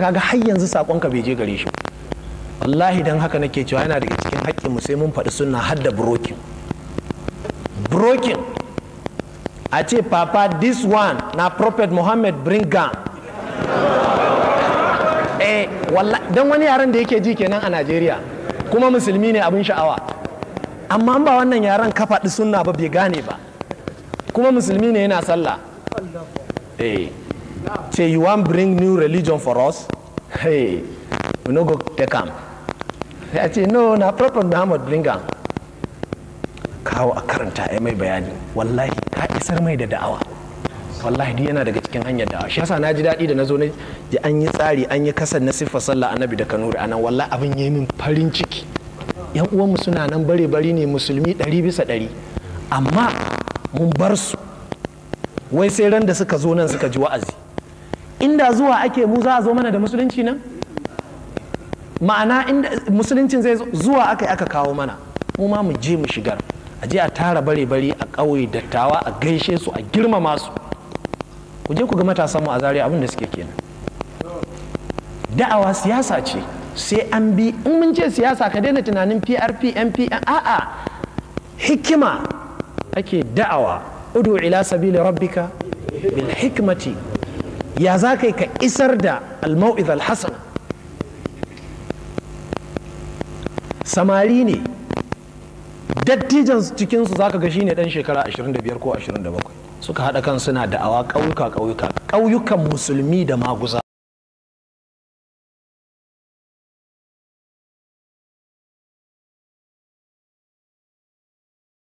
kaga har yanzu sakonka bai je gare shi wallahi dan haka nake cewa yana daga cikin haƙƙin mu sai mun faɗi sunna har da brokin brokin a ce papa this one na prophet muhammad bring gun eh walla dan wani yaran da yake ji kenan a najeriya kuma musulmi ne abin sha'awa amma ba wannan yaran ka faɗi sunna ba bai gane ba kuma musulmi ne yana sallah eh say you wan bring new religion for us hey we no go take am ya say no na prophet muhammad bring am kawo a karanta ya mai bayani wallahi ka isar mai da da'awa wallahi duk yana daga cikin hanyar da'awa shi yasa na ji daɗi da na zo ji an yi tsari an yi kasar na siffar sallah annabi da kanuri anan wallahi abin ya min farin ciki yan uwanmu suna nan bare bari ne musulmi ɗari bisa ɗari amma mun bar su wai sai ran da suka zo nan suka ji wa'azi inda zuwa ake mu za a zo mana da musulunci nan ma'ana inda musuluncin zai zuwa aka aka kawo mana mu ma mu je mu shigar a je a tara bare bare a ƙauye dattawa a gaishe su a girmama su ku je ku ga matasan mu a Zariya abin da suke kenan da'awa siyasa ce sai an bi in mun ce siyasa ka daina tunanin prp mp a'a hikima ake da'awa udu ila sabili rabbika bil hikmati ya za ka ka isar da almau'iz hassan samari ne dattijan cikinsu za ka ga ne dan shekara 25 ko 27 suka haɗa kan suna da'awa ƙauyuka ƙauyuka ƙauyukan musulmi da maguza